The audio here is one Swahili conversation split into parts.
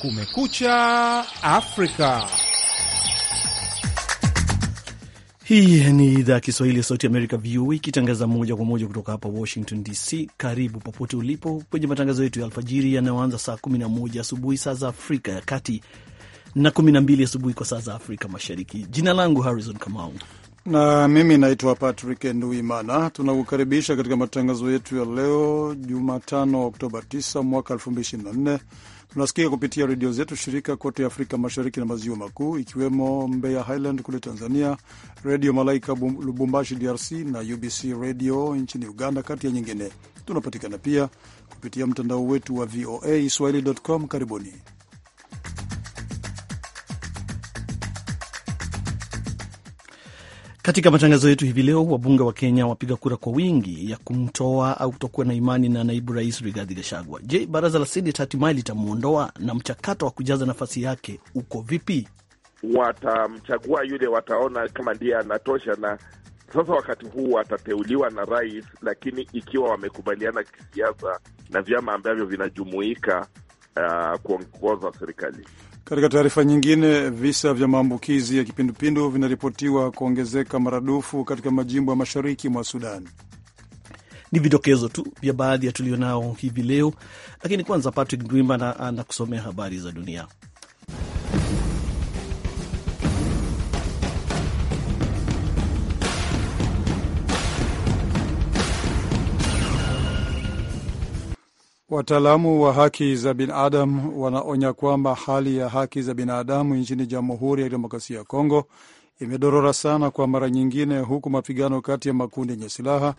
Kumekucha Afrika. Hii ni idhaa ya Kiswahili ya Sauti Amerika, VOA, ikitangaza moja kwa moja kutoka hapa Washington DC. Karibu popote ulipo kwenye matangazo yetu ya alfajiri yanayoanza saa 11 asubuhi saa za Afrika ya Kati na 12 asubuhi kwa saa za Afrika Mashariki. Jina langu Harrison Kamau na mimi naitwa Patrick Nduimana. Tunakukaribisha katika matangazo yetu ya leo Jumatano, Oktoba 9 mwaka 2024. Tunasikika kupitia redio zetu shirika kote Afrika Mashariki na Maziwa Makuu, ikiwemo Mbeya Highland kule Tanzania, Redio Malaika Lubumbashi DRC na UBC Redio nchini Uganda, kati ya nyingine. Tunapatikana pia kupitia mtandao wetu wa VOA swahili.com. Karibuni. Katika matangazo yetu hivi leo, wabunge wa Kenya wapiga kura kwa wingi ya kumtoa au kutokuwa na imani na naibu rais Rigathi Gachagua. Je, baraza la Seneti hatimaye litamwondoa na mchakato wa kujaza nafasi yake uko vipi? Watamchagua yule wataona kama ndiye anatosha, na sasa wakati huu watateuliwa na rais, lakini ikiwa wamekubaliana kisiasa na vyama ambavyo vinajumuika uh, kuongoza serikali. Katika taarifa nyingine, visa vya maambukizi ya kipindupindu vinaripotiwa kuongezeka maradufu katika majimbo ya mashariki mwa Sudan. Ni vidokezo tu vya baadhi ya tulionao hivi leo, lakini kwanza Patrick Dwimana anakusomea habari za dunia. Wataalamu wa haki za binadamu wanaonya kwamba hali ya haki za binadamu nchini Jamhuri ya Kidemokrasia ya Kongo imedorora sana kwa mara nyingine, huku mapigano kati ya makundi yenye silaha,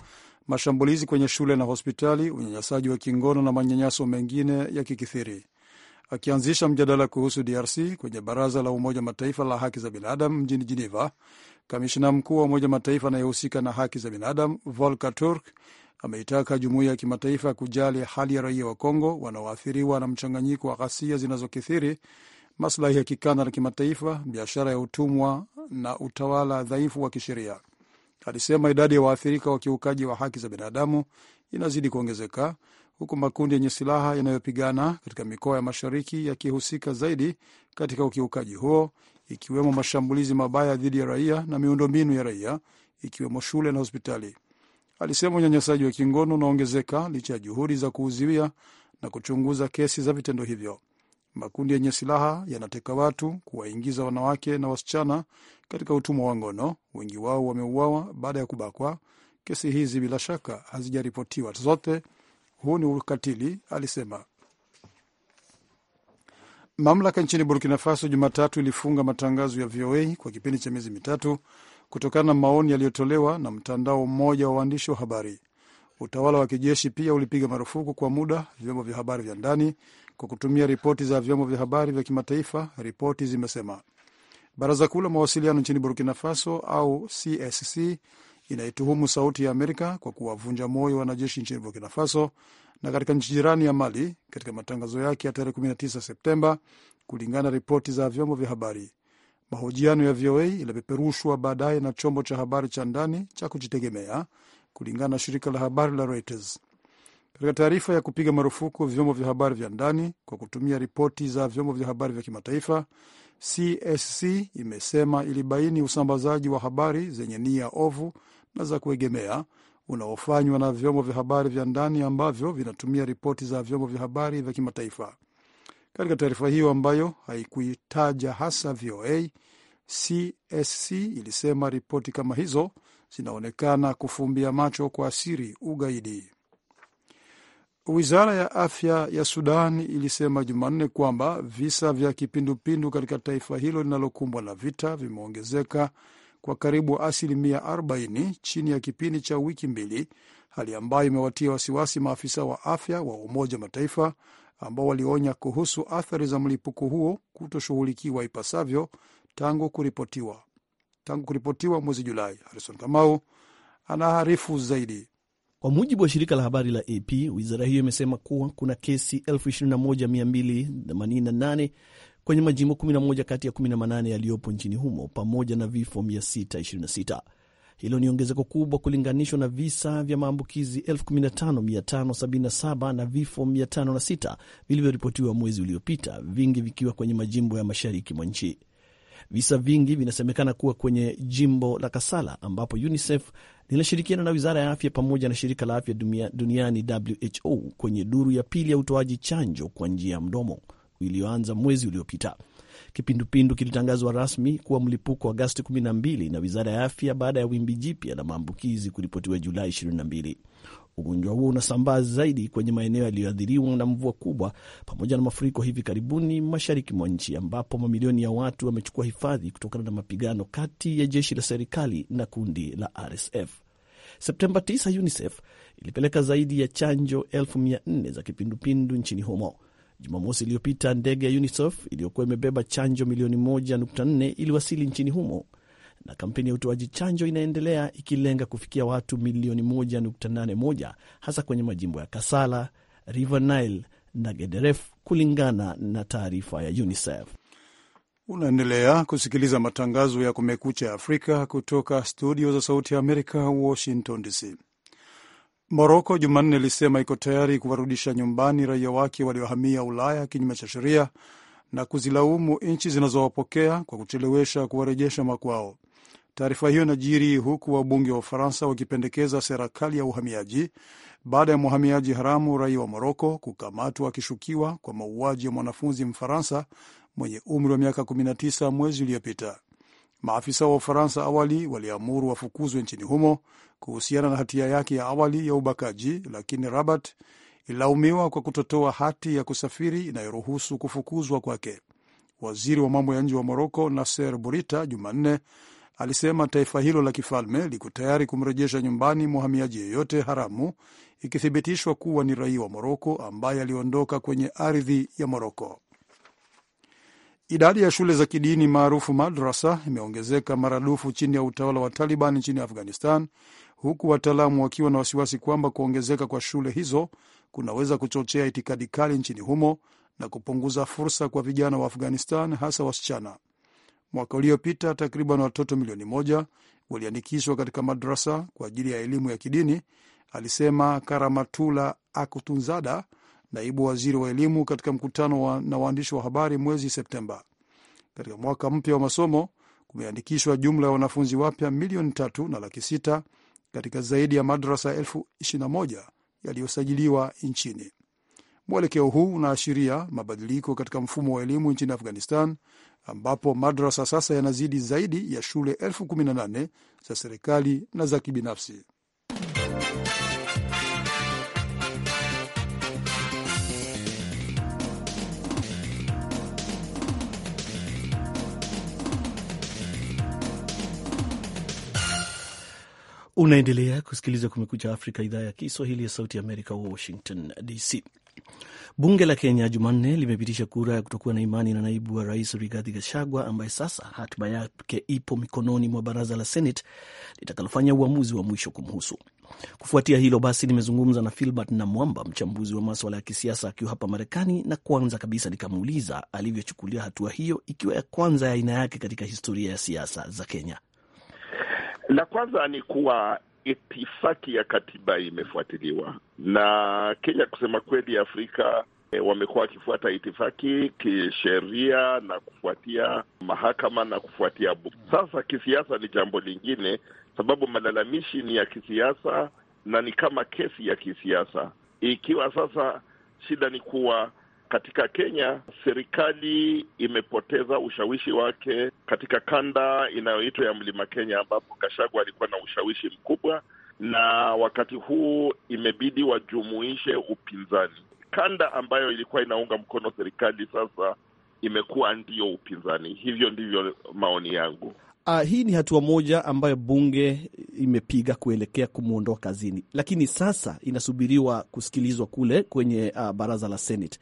mashambulizi kwenye shule na hospitali, unyanyasaji wa kingono na manyanyaso mengine ya kikithiri Akianzisha mjadala kuhusu DRC kwenye baraza la Umoja Mataifa la haki za binadamu mjini Geneva, kamishina mkuu wa Umoja Mataifa anayehusika na haki za binadamu Volker Turk ameitaka jumuiya ya kimataifa kujali hali ya raia wa Kongo wanaoathiriwa na mchanganyiko wa ghasia zinazokithiri, maslahi ya kikanda na kimataifa, biashara ya utumwa na utawala dhaifu wa kisheria. Alisema idadi ya waathirika wa kiukaji wa haki za binadamu inazidi kuongezeka huku makundi yenye silaha yanayopigana katika mikoa ya mashariki yakihusika zaidi katika ukiukaji huo, ikiwemo mashambulizi mabaya dhidi ya raia na miundombinu ya raia, ikiwemo shule na hospitali. Alisema unyanyasaji wa kingono unaongezeka licha ya juhudi za kuuziwia na kuchunguza kesi za vitendo hivyo. Makundi yenye silaha yanateka watu, kuwaingiza wanawake na wasichana katika utumwa wa ngono. Wengi wao wameuawa baada ya kubakwa. Kesi hizi bila shaka hazijaripotiwa zote. Huu ni ukatili, alisema. Mamlaka nchini Burkina Faso Jumatatu ilifunga matangazo ya VOA kwa kipindi cha miezi mitatu kutokana na maoni yaliyotolewa na mtandao mmoja wa waandishi wa habari. Utawala wa kijeshi pia ulipiga marufuku kwa muda vyombo vya habari vya ndani kwa kutumia ripoti za vyombo vya habari vya kimataifa, ripoti zimesema. Baraza Kuu la Mawasiliano nchini Burkina Faso au CSC inaituhumu Sauti ya Amerika kwa kuwavunja moyo wanajeshi nchini Burkina Faso na katika nchi jirani ya Mali katika matangazo yake ya tarehe 19 Septemba, kulingana na ripoti za vyombo vya habari. Mahojiano ya VOA ilipeperushwa baadaye na chombo cha habari cha ndani cha kujitegemea kulingana na shirika la habari la Reuters. Katika taarifa ya kupiga marufuku vyombo vya habari vya ndani kwa kutumia ripoti za vyombo vya habari vya kimataifa, CSC imesema ilibaini usambazaji wa habari zenye nia ovu na za kuegemea unaofanywa na vyombo vya habari vya ndani ambavyo vinatumia ripoti za vyombo vya habari vya kimataifa. Katika taarifa hiyo ambayo haikuitaja hasa VOA, CSC ilisema ripoti kama hizo zinaonekana kufumbia macho kwa siri ugaidi. Wizara ya afya ya Sudan ilisema Jumanne kwamba visa vya kipindupindu katika taifa hilo linalokumbwa na vita vimeongezeka kwa karibu asilimia 40 chini ya kipindi cha wiki mbili, hali ambayo imewatia wasiwasi maafisa wa afya wa Umoja wa Mataifa ambao walionya kuhusu athari za mlipuko huo kutoshughulikiwa ipasavyo tangu kuripotiwa tangu kuripotiwa mwezi Julai. Harison Kamau anaarifu zaidi. Kwa mujibu wa shirika la habari la AP, wizara hiyo imesema kuwa kuna kesi 21288 kwenye majimbo 11 kati ya 18 yaliyopo nchini humo pamoja na vifo 626. Hilo ni ongezeko kubwa kulinganishwa na visa vya maambukizi 15577 na vifo 506 vilivyoripotiwa mwezi uliopita, vingi vikiwa kwenye majimbo ya mashariki mwa nchi. Visa vingi vinasemekana kuwa kwenye jimbo la Kasala ambapo UNICEF linashirikiana na wizara ya afya pamoja na shirika la afya duniani WHO kwenye duru ya pili ya utoaji chanjo kwa njia ya mdomo iliyoanza mwezi uliopita. Kipindupindu kilitangazwa rasmi kuwa mlipuko Agasti 12 na wizara ya afya baada ya wimbi jipya la maambukizi kuripotiwa Julai 22. Ugonjwa huo unasambaa zaidi kwenye maeneo yaliyoathiriwa na mvua kubwa pamoja na mafuriko hivi karibuni mashariki mwa nchi, ambapo mamilioni ya watu wamechukua hifadhi kutokana na mapigano kati ya jeshi la serikali na kundi la RSF. Septemba 9 UNICEF ilipeleka zaidi ya chanjo elfu mia nne za kipindupindu nchini humo. Jumamosi iliyopita ndege ya UNICEF iliyokuwa imebeba chanjo milioni 1.4 iliwasili nchini humo na kampeni ya utoaji chanjo inaendelea ikilenga kufikia watu milioni 1.81 hasa kwenye majimbo ya Kasala, River Nile na Gederef kulingana na taarifa ya UNICEF. Unaendelea kusikiliza matangazo ya Kumekucha Afrika kutoka studio za Sauti ya Amerika, Washington DC. Moroko Jumanne ilisema iko tayari kuwarudisha nyumbani raia wake waliohamia Ulaya kinyume cha sheria na kuzilaumu nchi zinazowapokea kwa kuchelewesha kuwarejesha makwao. Taarifa hiyo inajiri huku wabunge wa Ufaransa wakipendekeza serikali ya uhamiaji baada ya mhamiaji haramu raia wa Moroko kukamatwa akishukiwa kwa mauaji ya mwanafunzi Mfaransa mwenye umri wa miaka 19 mwezi uliopita. Maafisa wa Ufaransa awali waliamuru wafukuzwe nchini humo kuhusiana na hatia yake ya awali ya ubakaji, lakini Rabat ililaumiwa kwa kutotoa hati ya kusafiri inayoruhusu kufukuzwa kwake. Waziri wa mambo ya nje wa Moroko Nasser Bourita Jumanne alisema taifa hilo la kifalme liko tayari kumrejesha nyumbani mhamiaji yeyote haramu ikithibitishwa kuwa ni raia wa Moroko ambaye aliondoka kwenye ardhi ya Moroko. Idadi ya shule za kidini maarufu madrasa imeongezeka maradufu chini ya utawala wa Taliban nchini Afghanistan, huku wataalamu wakiwa na wasiwasi kwamba kuongezeka kwa shule hizo kunaweza kuchochea itikadi kali nchini humo na kupunguza fursa kwa vijana wa Afghanistan, hasa wasichana. Mwaka uliopita takriban watoto milioni moja waliandikishwa katika madrasa kwa ajili ya elimu ya kidini, alisema Karamatula Akutunzada, naibu waziri wa elimu katika mkutano wa, na waandishi wa habari mwezi Septemba. Katika mwaka mpya wa masomo kumeandikishwa jumla ya wanafunzi wapya milioni tatu na laki sita katika zaidi ya madrasa elfu ishirini na moja yaliyosajiliwa nchini. Mwelekeo huu unaashiria mabadiliko katika mfumo wa elimu nchini Afghanistan, ambapo madrasa sasa yanazidi zaidi ya shule elfu kumi na nane za serikali na za kibinafsi. Unaendelea kusikiliza Kumekucha Afrika, idhaa ya Kiswahili ya Sauti ya Amerika, Washington DC. Bunge la Kenya Jumanne limepitisha kura ya kutokuwa na imani na naibu wa rais Rigathi Gachagua, ambaye sasa hatima yake ipo mikononi mwa baraza la Senate litakalofanya uamuzi wa mwisho kumhusu. Kufuatia hilo basi, nimezungumza na Filbert na Mwamba, mchambuzi wa maswala ya kisiasa akiwa hapa Marekani, na kwanza kabisa nikamuuliza alivyochukulia hatua hiyo, ikiwa ya kwanza ya aina yake katika historia ya siasa za Kenya. La kwanza ni kuwa itifaki ya katiba imefuatiliwa na Kenya. Kusema kweli, Afrika e, wamekuwa wakifuata itifaki kisheria na kufuatia mahakama na kufuatia bu. Sasa kisiasa ni jambo lingine, sababu malalamishi ni ya kisiasa na ni kama kesi ya kisiasa. Ikiwa sasa shida ni kuwa katika Kenya serikali imepoteza ushawishi wake katika kanda inayoitwa ya Mlima Kenya, ambapo Gachagua alikuwa na ushawishi mkubwa, na wakati huu imebidi wajumuishe upinzani. Kanda ambayo ilikuwa inaunga mkono serikali sasa imekuwa ndiyo upinzani. Hivyo ndivyo maoni yangu. Uh, hii ni hatua moja ambayo bunge imepiga kuelekea kumwondoa kazini, lakini sasa inasubiriwa kusikilizwa kule kwenye uh, baraza la Senate.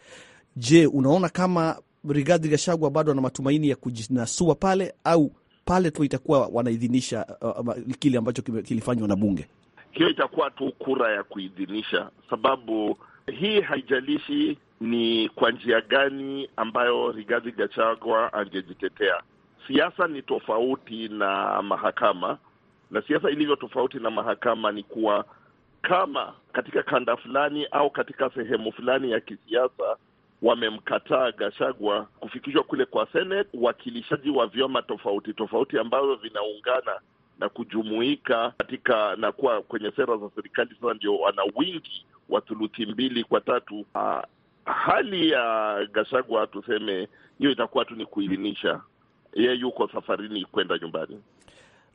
Je, unaona kama Rigathi Gachagua bado ana matumaini ya kujinasua pale au pale tu itakuwa wanaidhinisha uh, kile ambacho kilifanywa na bunge? Hiyo itakuwa tu kura ya kuidhinisha, sababu hii haijalishi ni kwa njia gani ambayo Rigathi Gachagua angejitetea. Siasa ni tofauti na mahakama, na siasa ilivyo tofauti na mahakama ni kuwa kama katika kanda fulani au katika sehemu fulani ya kisiasa wamemkataa Gashagwa kufikishwa kule kwa Senate, uwakilishaji wa vyama tofauti tofauti ambavyo vinaungana na kujumuika katika na kuwa kwenye sera za serikali. Sasa ndio wana wingi wa thuluthi mbili kwa tatu. Ah, hali ya Gashagwa tuseme hiyo itakuwa tu ni kuilinisha, yeye yuko safarini kwenda nyumbani.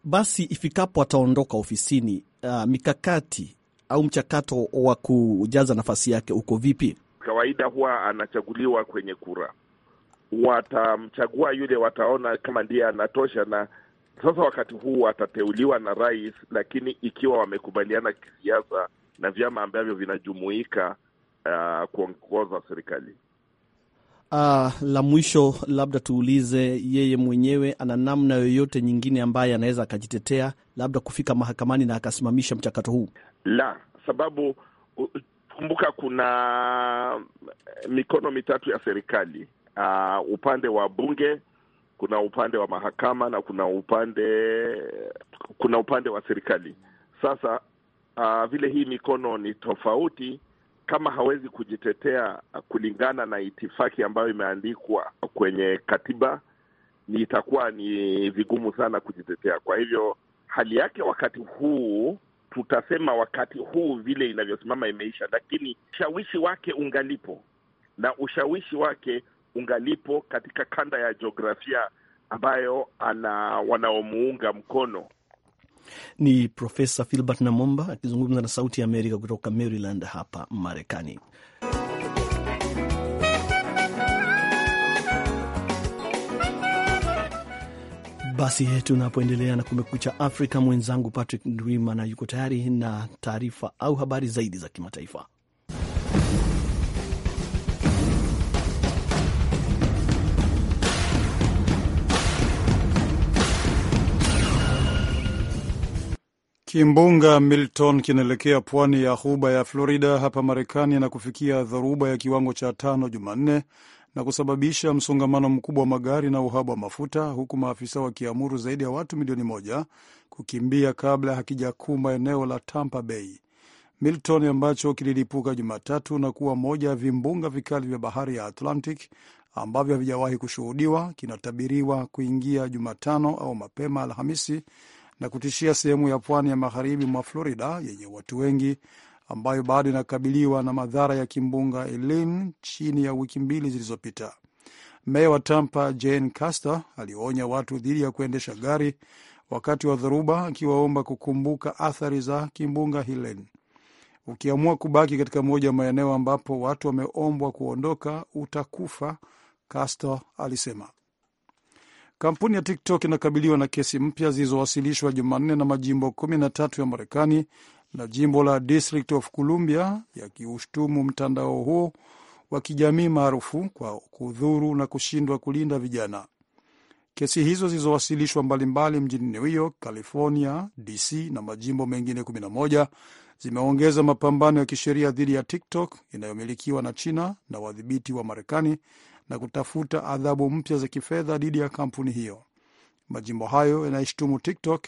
Basi ifikapo ataondoka ofisini, uh, mikakati au mchakato wa kujaza nafasi yake uko vipi? kawaida huwa anachaguliwa kwenye kura, watamchagua yule wataona kama ndiye anatosha, na sasa wakati huu atateuliwa na rais, lakini ikiwa wamekubaliana kisiasa na vyama ambavyo vinajumuika uh, kuongoza serikali. Uh, la mwisho labda tuulize, yeye mwenyewe ana namna yoyote nyingine ambaye anaweza akajitetea labda kufika mahakamani na akasimamisha mchakato huu? La, sababu Kumbuka kuna eh, mikono mitatu ya serikali uh, upande wa bunge, kuna upande wa mahakama na kuna upande kuna upande wa serikali. Sasa uh, vile hii mikono ni tofauti, kama hawezi kujitetea kulingana na itifaki ambayo imeandikwa kwenye katiba, ni itakuwa ni vigumu sana kujitetea. Kwa hivyo hali yake wakati huu tutasema wakati huu vile inavyosimama imeisha, lakini ushawishi wake ungalipo na ushawishi wake ungalipo katika kanda ya jiografia ambayo ana wanaomuunga mkono. Ni Profesa Filbert Namomba akizungumza na Sauti ya Amerika kutoka Maryland hapa Marekani. Basi eh, tunapoendelea na Kumekucha Afrika, mwenzangu Patrick Ndwimana yuko tayari na taarifa au habari zaidi za kimataifa. Kimbunga Milton kinaelekea pwani ya ghuba ya Florida hapa Marekani na kufikia dhoruba ya kiwango cha tano Jumanne na kusababisha msongamano mkubwa wa magari na uhaba wa mafuta, huku maafisa wakiamuru zaidi ya watu milioni moja kukimbia kabla hakijakumba eneo la Tampa Bay. Milton ambacho kililipuka Jumatatu na kuwa moja ya vimbunga vikali vya bahari ya Atlantic ambavyo havijawahi kushuhudiwa kinatabiriwa kuingia Jumatano au mapema Alhamisi na kutishia sehemu ya pwani ya magharibi mwa Florida yenye watu wengi ambayo bado inakabiliwa na madhara ya kimbunga Helene chini ya wiki mbili zilizopita. Meya wa Tampa Jane Caster alionya watu dhidi ya kuendesha gari wakati wa dhoruba, akiwaomba kukumbuka athari za kimbunga Helene. Ukiamua kubaki katika moja ya maeneo ambapo watu wameombwa kuondoka, utakufa, Castor alisema. Kampuni ya TikTok inakabiliwa na kesi mpya zilizowasilishwa Jumanne na majimbo 13 ya Marekani na jimbo la District of Columbia yakiushtumu mtandao huo wa kijamii maarufu kwa kudhuru na kushindwa kulinda vijana. Kesi hizo zilizowasilishwa mbalimbali mjini New York, California, DC na majimbo mengine 11 zimeongeza mapambano ya kisheria dhidi ya TikTok inayomilikiwa na China na wadhibiti wa Marekani na kutafuta adhabu mpya za kifedha dhidi ya kampuni hiyo. Majimbo hayo yanaishtumu TikTok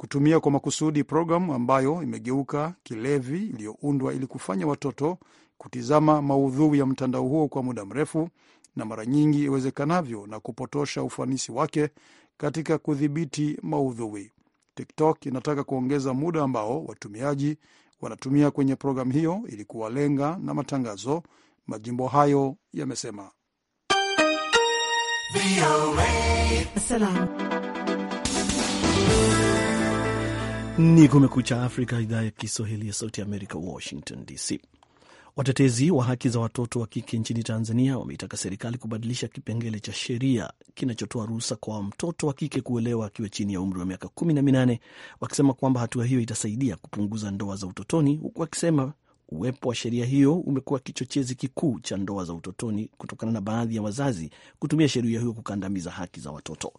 kutumia kwa makusudi programu ambayo imegeuka kilevi iliyoundwa ili kufanya watoto kutizama maudhui ya mtandao huo kwa muda mrefu na mara nyingi iwezekanavyo, na kupotosha ufanisi wake katika kudhibiti maudhui. TikTok inataka kuongeza muda ambao watumiaji wanatumia kwenye programu hiyo ili kuwalenga na matangazo, majimbo hayo yamesema. Ni Kumekucha Afrika, idhaa ya Kiswahili ya Sauti Amerika, Washington DC. Watetezi wa haki za watoto wa kike nchini Tanzania wameitaka serikali kubadilisha kipengele cha sheria kinachotoa ruhusa kwa mtoto wa kike kuelewa akiwa chini ya umri wa miaka kumi na minane, wakisema kwamba hatua hiyo itasaidia kupunguza ndoa za utotoni, huku wakisema uwepo wa sheria hiyo umekuwa kichochezi kikuu cha ndoa za utotoni kutokana na baadhi ya wazazi kutumia sheria hiyo kukandamiza haki za watoto.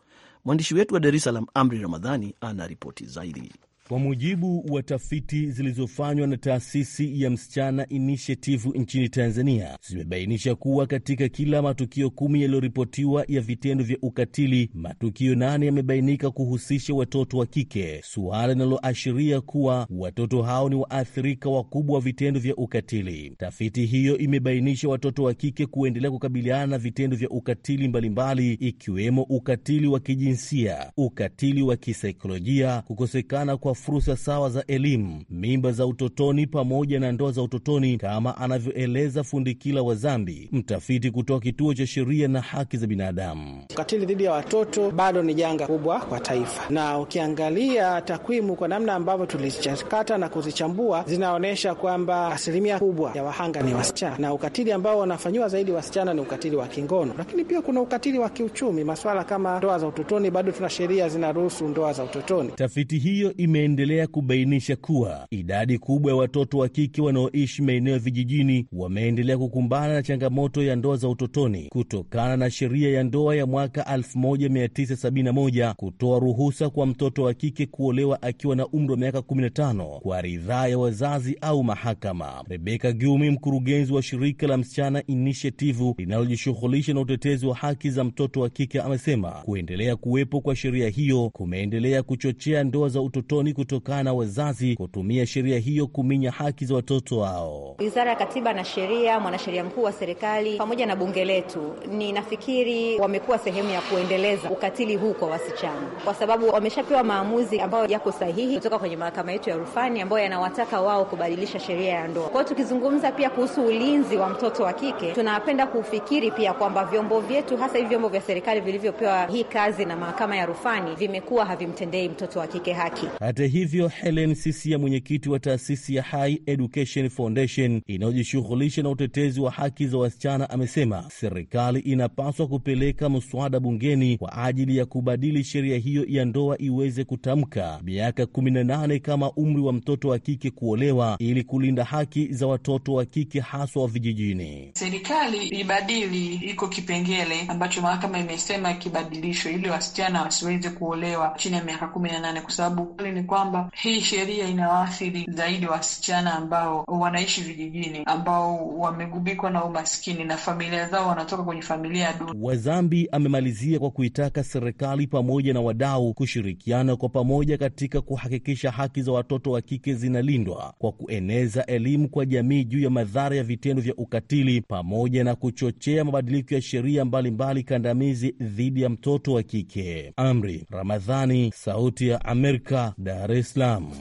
Mwandishi wetu wa Dar es Salaam, Amri Ramadhani, ana ripoti zaidi. Kwa mujibu wa tafiti zilizofanywa na taasisi ya Msichana Initiative nchini Tanzania, zimebainisha kuwa katika kila matukio kumi yaliyoripotiwa ya vitendo vya ukatili, matukio nane yamebainika kuhusisha watoto wa kike, suala linaloashiria kuwa watoto hao ni waathirika wakubwa wa vitendo vya ukatili. Tafiti hiyo imebainisha watoto wa kike kuendelea kukabiliana na vitendo vya ukatili mbalimbali, ikiwemo ukatili wa kijinsia, ukatili wa kisaikolojia, kukosekana kwa fursa sawa za elimu, mimba za utotoni pamoja na ndoa za utotoni, kama anavyoeleza Fundikila wa Zambi, mtafiti kutoka kituo cha sheria na haki za binadamu. Ukatili dhidi ya watoto bado ni janga kubwa kwa taifa, na ukiangalia takwimu kwa namna ambavyo tulizichakata na kuzichambua zinaonyesha kwamba asilimia kubwa ya wahanga ni wasichana, na ukatili ambao wanafanyiwa zaidi wasichana ni ukatili wa kingono, lakini pia kuna ukatili wa kiuchumi, maswala kama ndoa za utotoni. Bado tuna sheria zinaruhusu ndoa za utotoni. Tafiti hiyo ime imeendelea kubainisha kuwa idadi kubwa ya watoto wa kike wanaoishi maeneo ya vijijini wameendelea kukumbana na changamoto ya ndoa za utotoni kutokana na sheria ya ndoa ya mwaka 1971 kutoa ruhusa kwa mtoto wa kike kuolewa akiwa na umri wa miaka 15 kwa ridhaa ya wazazi au mahakama. Rebeka Gyumi, mkurugenzi wa shirika la Msichana Inishiativu linalojishughulisha na utetezi wa haki za mtoto wa kike, amesema kuendelea kuwepo kwa sheria hiyo kumeendelea kuchochea ndoa za utotoni ni kutokana na wazazi kutumia sheria hiyo kuminya haki za watoto wao. Wizara ya Katiba na Sheria, mwanasheria mkuu wa serikali pamoja na bunge letu, ninafikiri wamekuwa sehemu ya kuendeleza ukatili huu kwa wasichana, kwa sababu wameshapewa maamuzi ambayo yako sahihi kutoka kwenye mahakama yetu ya rufani ambayo yanawataka wao kubadilisha sheria ya ndoa. kwao tukizungumza pia kuhusu ulinzi wa mtoto wa kike, tunapenda kufikiri pia kwamba vyombo vyetu, hasa hivi vyombo vya serikali vilivyopewa hii kazi na mahakama ya rufani, vimekuwa havimtendei mtoto wa kike haki. Hata hata hivyo, Helen Sisia, mwenyekiti wa taasisi ya High Education Foundation inayojishughulisha na utetezi wa haki za wasichana, amesema serikali inapaswa kupeleka mswada bungeni kwa ajili ya kubadili sheria hiyo ya ndoa iweze kutamka miaka 18 kama umri wa mtoto wa kike kuolewa ili kulinda haki za watoto wa kike haswa wa vijijini. Serikali ibadili, iko kipengele ambacho mahakama imesema kibadilisho ili wasichana wasiweze kuolewa chini ya miaka 18 kwa sababu ni kwamba hii sheria inawaathiri zaidi wasichana ambao wanaishi vijijini, ambao wamegubikwa na umaskini na familia zao wanatoka kwenye familia duni. Wazambi amemalizia kwa kuitaka serikali pamoja na wadau kushirikiana kwa pamoja katika kuhakikisha haki za watoto wa kike zinalindwa kwa kueneza elimu kwa jamii juu ya madhara ya vitendo vya ukatili pamoja na kuchochea mabadiliko ya sheria mbalimbali kandamizi dhidi ya mtoto wa kike. Amri Ramadhani, Sauti ya Amerika, Dar Dar es Salaam.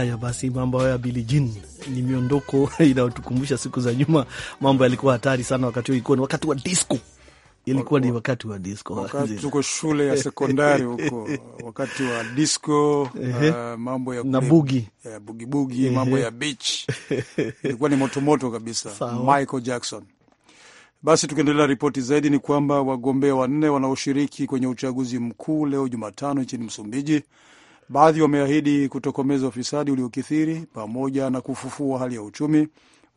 Haya basi, mambo hayo ya Billie Jean ni miondoko inayotukumbusha siku za nyuma. Mambo yalikuwa hatari sana wakati huo, ilikuwa ni wakati wa disco ilikuwa ni wakati wa disco, wakati tuko shule ya sekondari huko, wakati wa disco uh, mambo ya na bugi ya bugi bugi, mambo ya beach ilikuwa ni motomoto kabisa. Sao. Michael Jackson. Basi tukiendelea, ripoti zaidi ni kwamba wagombea wanne wanaoshiriki kwenye uchaguzi mkuu leo Jumatano nchini Msumbiji Baadhi wameahidi kutokomeza ufisadi uliokithiri pamoja na kufufua hali ya uchumi,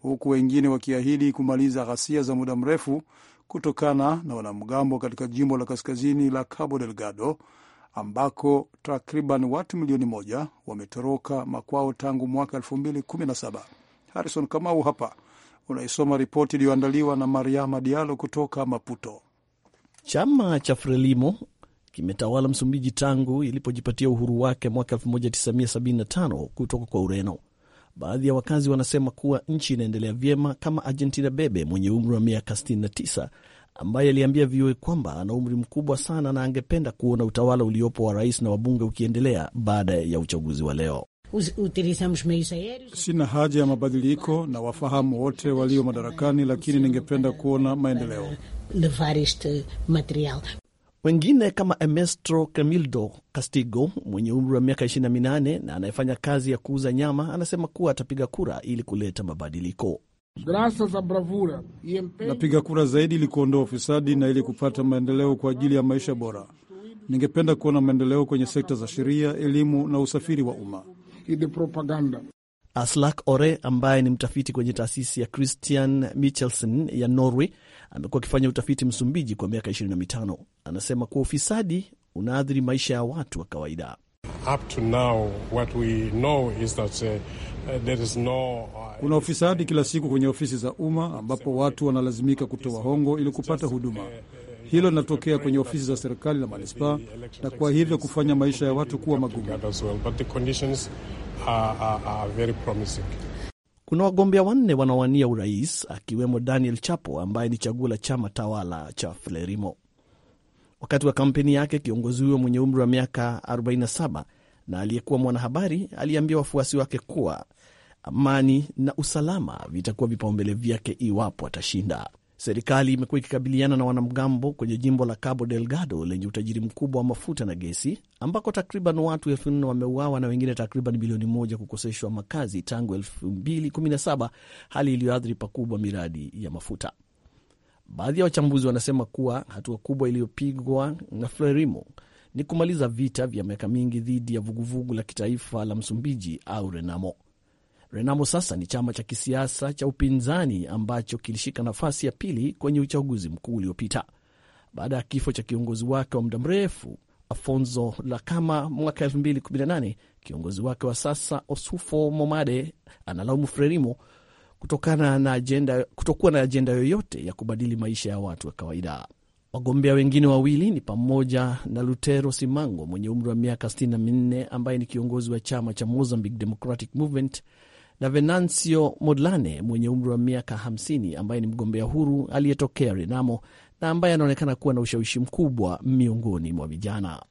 huku wengine wakiahidi kumaliza ghasia za muda mrefu kutokana na wanamgambo katika jimbo la kaskazini la Cabo Delgado ambako takriban watu milioni moja wametoroka makwao tangu mwaka saba. Harrison Kamau hapa unaisoma ripoti iliyoandaliwa na Mariama Diallo kutoka Maputo. Chama cha Frelimo kimetawala Msumbiji tangu ilipojipatia uhuru wake mwaka 1975 kutoka kwa Ureno. Baadhi ya wakazi wanasema kuwa nchi inaendelea vyema, kama Argentina Bebe mwenye umri wa miaka 69 ambaye aliambia VOA kwamba ana umri mkubwa sana na angependa kuona utawala uliopo wa rais na wabunge ukiendelea baada ya uchaguzi wa leo. Sina haja ya mabadiliko na wafahamu wote walio madarakani, lakini ningependa kuona maendeleo. Wengine kama Ernesto Camildo castigo mwenye umri wa miaka 28 na anayefanya kazi ya kuuza nyama anasema kuwa atapiga kura ili kuleta mabadiliko. E Napiga kura zaidi ili kuondoa ufisadi na ili kupata maendeleo kwa ajili ya maisha bora. Ningependa kuona maendeleo kwenye sekta za sheria, elimu na usafiri wa umma. Aslak Ore ambaye ni mtafiti kwenye taasisi ya Christian Michelsen ya Norway amekuwa akifanya utafiti Msumbiji kwa miaka 25. Anasema kuwa ufisadi unaathiri maisha ya watu wa kawaida. Uh, uh, Kuna ufisadi kila siku kwenye ofisi za umma ambapo watu wanalazimika kutoa hongo ili kupata huduma. Uh, Hilo linatokea kwenye ofisi za serikali na manispaa, na kwa hivyo kufanya maisha ya watu kuwa magumu. Kuna wagombea wanne wanawania urais akiwemo Daniel Chapo ambaye ni chaguo la chama tawala cha Frelimo. Wakati wa kampeni yake, kiongozi huyo mwenye umri wa miaka 47 na aliyekuwa mwanahabari aliambia wafuasi wake kuwa amani na usalama vitakuwa vipaumbele vyake iwapo atashinda. Serikali imekuwa ikikabiliana na wanamgambo kwenye jimbo la Cabo Delgado lenye utajiri mkubwa wa mafuta na gesi ambako takriban watu elfu nne wameuawa na wengine takriban milioni moja kukoseshwa makazi tangu 2017 hali iliyoathiri pakubwa miradi ya mafuta. Baadhi ya wachambuzi wanasema kuwa hatua kubwa iliyopigwa na Frelimo ni kumaliza vita vya miaka mingi dhidi ya vuguvugu la kitaifa la Msumbiji au Renamo. Renamo sasa ni chama cha kisiasa cha upinzani ambacho kilishika nafasi ya pili kwenye uchaguzi mkuu uliopita baada ya kifo cha kiongozi wake wa muda mrefu Afonso Lakama mwaka 2018. Kiongozi wake wa sasa Osufo Momade analaumu Frelimo kutokana na ajenda, kutokuwa na ajenda yoyote ya kubadili maisha ya watu wa kawaida. Wagombea wengine wawili ni pamoja na Lutero Simango mwenye umri wa miaka 64 ambaye ni kiongozi wa chama cha Mozambique Democratic Movement na Venancio Modlane mwenye umri wa miaka 50 ambaye ni mgombea huru aliyetokea Renamo na ambaye anaonekana kuwa na ushawishi mkubwa miongoni mwa vijana.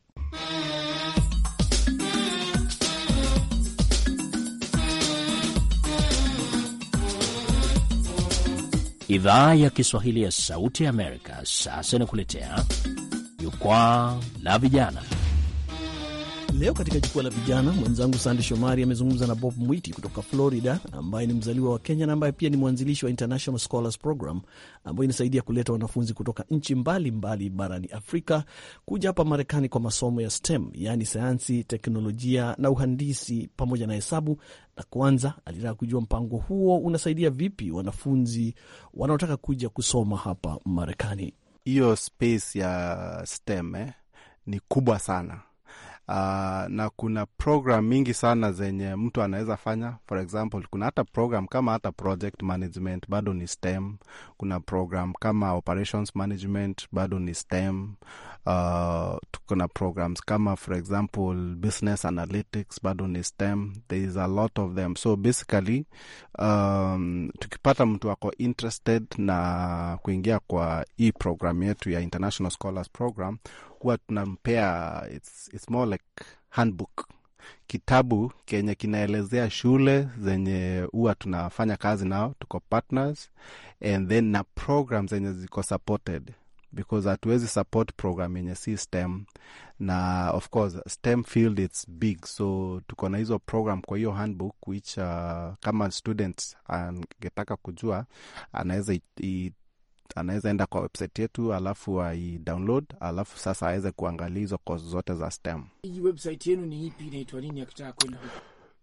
Idhaa ya Kiswahili ya Sauti ya Amerika sasa inakuletea jukwaa la vijana Leo katika jukwaa la vijana, mwenzangu Sande Shomari amezungumza na Bob Mwiti kutoka Florida, ambaye ni mzaliwa wa Kenya na ambaye pia ni mwanzilishi wa International Scholars Program ambayo inasaidia kuleta wanafunzi kutoka nchi mbalimbali barani Afrika kuja hapa Marekani kwa masomo ya STEM, yaani sayansi, teknolojia na uhandisi pamoja na hesabu. Na kwanza alitaka kujua mpango huo unasaidia vipi wanafunzi wanaotaka kuja kusoma hapa Marekani. Hiyo space ya STEM eh, ni kubwa sana Uh, na kuna program mingi sana zenye mtu anaweza fanya. For example, kuna hata program kama hata project management bado ni STEM. Kuna program kama operations management bado ni STEM. Uh, tuko na programs kama for example business analytics, bado ni STEM, there is a lot of them. So basically um, tukipata mtu ako interested na kuingia kwa hii program yetu ya International Scholars Program, huwa tunampea it's, it's more like handbook kitabu kenye kinaelezea shule zenye huwa tunafanya kazi nao, tuko partners and then na program zenye ziko supported because hatuwezi support program yenye si STEM na of course STEM field it's big, so tuko na hizo program kwa hiyo handbook which uh, kama student angetaka kujua anaweza anaweza enda kwa website yetu alafu ai-download alafu sasa aweze kuangalia hizo course zote za STEM. Hii website yenu ni ipi? Inaitwa nini akitaka kwenda huko?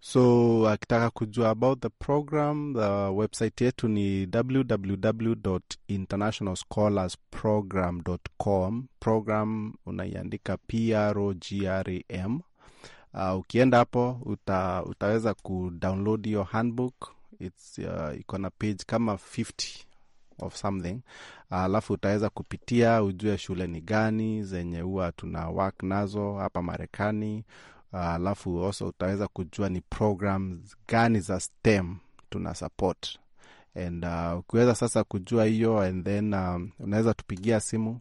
So akitaka kujua about the program, the website yetu ni www.internationalscholarsprogram.com. Program unaiandika p r o g r a m. Uh, ukienda hapo uta, utaweza kudownload your handbook. It's uh, iko na page kama 50 of something uh, alafu, uh, utaweza kupitia ujue shule ni gani zenye huwa tuna work nazo hapa Marekani Ah, alafu also utaweza kujua ni program gani za STEM tuna support and uh, ukiweza sasa kujua hiyo and then um, unaweza tupigia simu,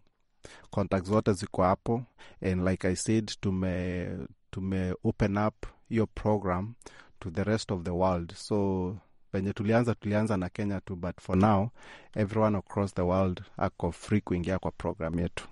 contacts zote ziko hapo and like I said, tume tume open up hiyo program to the rest of the world so venye tulianza tulianza na Kenya tu, but for now everyone across the world ako free kuingia kwa program yetu.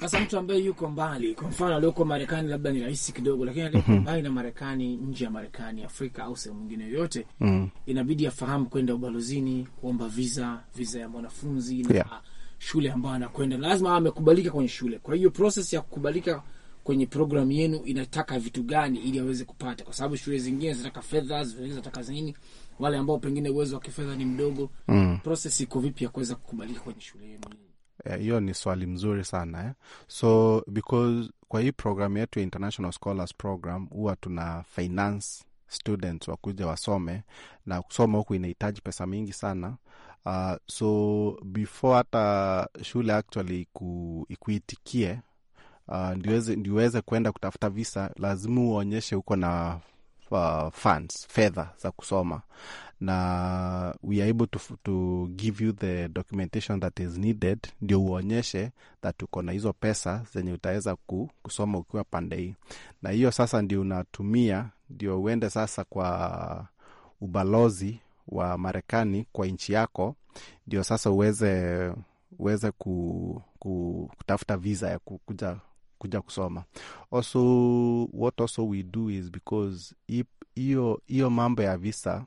Sasa mtu ambaye yuko mbali, kwa mfano aliyoko Marekani labda ni rahisi kidogo, lakini aliyoko mm -hmm. mbali na Marekani, nje ya Marekani, Afrika au sehemu nyingine yoyote mm -hmm. inabidi afahamu kwenda ubalozini kuomba visa, visa ya mwanafunzi na yeah. shule ambayo anakwenda, lazima amekubalika kwenye shule. Kwa hiyo process ya kukubalika kwenye programu yenu inataka vitu gani ili aweze kupata, kwa sababu shule zingine zinataka fedha, zingine zinataka nini wale ambao pengine uwezo wa kifedha ni mdogo mm. Process iko vipi ya kuweza kukubalika kwenye shule yenu? Eh, hiyo ni swali mzuri sana eh? So because kwa hii programu yetu ya International Scholars Program huwa tuna finance students wakuja wasome, na kusoma huku inahitaji pesa mingi sana uh, so before hata shule actually ikuitikie uh, ndiweze kwenda kutafuta visa, lazima uonyeshe huko na uh, funds fedha za kusoma na we are able to, to give you the documentation that is needed, ndio uonyeshe that uko na hizo pesa zenye utaweza kusoma ukiwa pande hii, na hiyo sasa ndio unatumia, ndio uende sasa kwa ubalozi wa Marekani kwa nchi yako, ndio sasa uweze uweze ku, ku, kutafuta visa ya kuja kuja kusoma. Also, what also we do is because hiyo mambo ya visa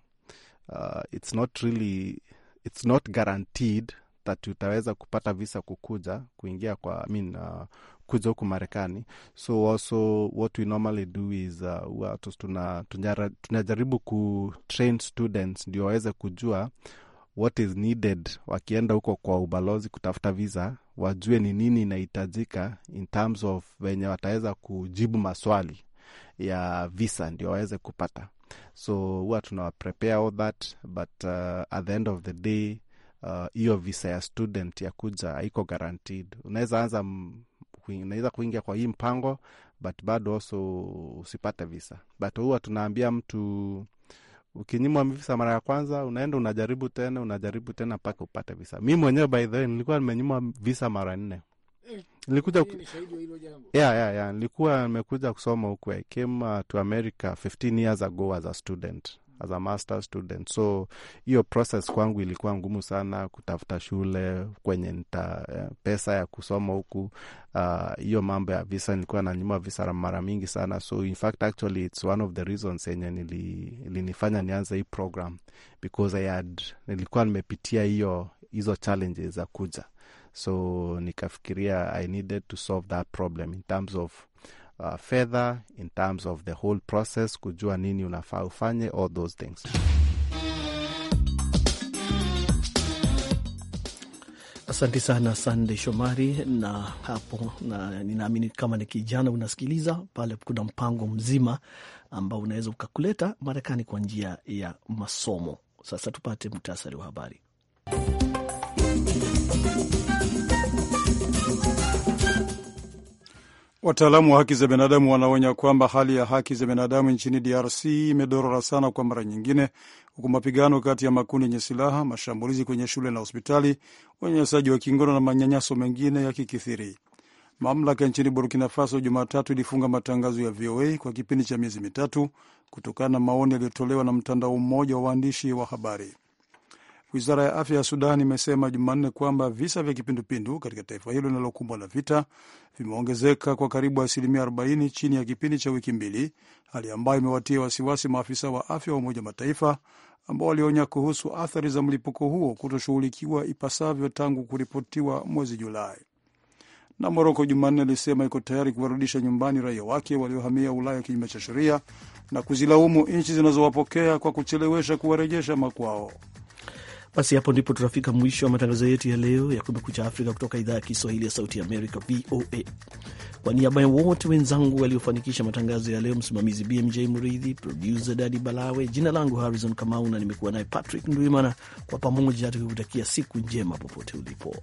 uh, it's not really, it's not guaranteed that utaweza kupata visa kukuja kuingia kwa I mean, uh, kuja huku Marekani. So also what we normally do is uh, tuna, tunajaribu kutrain students ndio waweze kujua what is needed wakienda huko kwa ubalozi kutafuta visa, wajue ni nini inahitajika in terms of venye wataweza kujibu maswali ya visa ndio waweze kupata so huwa tunawa prepare all that but uh, at the end of the day uh, hiyo uh, visa ya student ya kuja haiko guaranteed. Unaweza anza unaweza kuingia kwa hii mpango but bado also usipate visa, but huwa tunaambia mtu ukinyimwa visa mara ya kwanza, unaenda unajaribu tena, unajaribu tena mpaka upate visa. Mi mwenyewe by the way nilikuwa nimenyimwa visa mara nne nilikuja yaani ku... yeah, yeah, yeah. Nilikuwa nimekuja kusoma huku. I came uh, to America 15 years ago as a student as a master student, so hiyo process kwangu ilikuwa ngumu sana, kutafuta shule kwenye nta eh, pesa ya kusoma huku. Uh, hiyo uh, mambo ya visa nilikuwa nanyuma visa mara mingi sana, so in fact actually it's one of the reasons yenye ilinifanya nianze hii program because I had, nilikuwa nimepitia hiyo hizo challenges za kuja so nikafikiria I needed to solve that problem in terms of uh, fedha, in terms of the whole process, kujua nini unafaa ufanye, all those things. Asante sana Sande Shomari, na hapo na, ninaamini kama ni kijana unasikiliza pale, kuna mpango mzima ambao unaweza ukakuleta Marekani kwa njia ya masomo. Sasa tupate mktasari wa habari. Wataalamu wa haki za binadamu wanaonya kwamba hali ya haki za binadamu nchini DRC imedorora sana kwa mara nyingine, huku mapigano kati ya makundi yenye silaha, mashambulizi kwenye shule na hospitali, unyanyasaji wa kingono na manyanyaso mengine yakikithiri. Mamlaka nchini Burkina Faso Jumatatu ilifunga matangazo ya VOA kwa kipindi cha miezi mitatu kutokana na maoni yaliyotolewa na mtandao mmoja wa waandishi wa habari. Wizara ya afya ya Sudan imesema Jumanne kwamba visa vya kipindupindu katika taifa hilo linalokumbwa na vita vimeongezeka kwa karibu asilimia 40 chini ya kipindi cha wiki mbili, hali ambayo imewatia wasiwasi maafisa wa afya wa Umoja Mataifa ambao walionya kuhusu athari za mlipuko huo kutoshughulikiwa ipasavyo tangu kuripotiwa mwezi Julai. Na Moroko Jumanne ilisema iko tayari kuwarudisha nyumbani raia wake waliohamia Ulaya kinyume cha sheria na kuzilaumu nchi zinazowapokea kwa kuchelewesha kuwarejesha makwao. Basi hapo ndipo tunafika mwisho wa matangazo yetu ya leo ya Kumekucha Afrika kutoka idhaa ya Kiswahili ya Sauti ya Amerika, VOA. Kwa niaba ya wote wenzangu waliofanikisha matangazo ya leo, msimamizi BMJ Mridhi, produsa Dadi Balawe, jina langu Harrison Kamau na nimekuwa naye Patrick Ndwimana, kwa pamoja tukikutakia siku njema popote ulipo.